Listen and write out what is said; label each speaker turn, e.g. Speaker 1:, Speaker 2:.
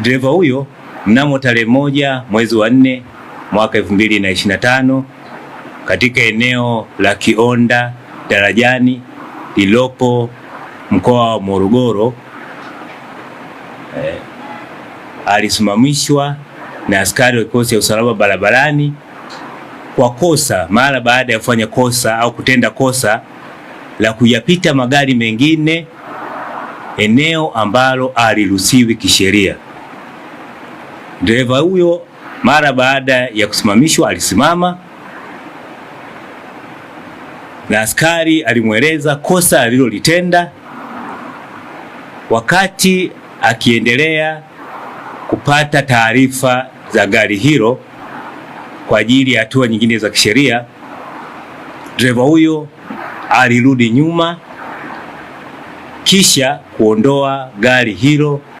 Speaker 1: Dereva huyo mnamo tarehe moja mwezi wa nne mwaka tano katika eneo la Kionda Darajani lilopo mkoa wa Morogoro eh, alisimamishwa na askari wa kikosi cha usalama barabarani kwa kosa mara baada ya kufanya kosa au kutenda kosa la kuyapita magari mengine eneo ambalo aliruhusiwi kisheria. Dereva huyo mara baada ya kusimamishwa alisimama na askari alimweleza kosa alilolitenda wakati akiendelea kupata taarifa za gari hilo kwa ajili ya hatua nyingine za kisheria. Dereva huyo alirudi nyuma kisha kuondoa gari hilo.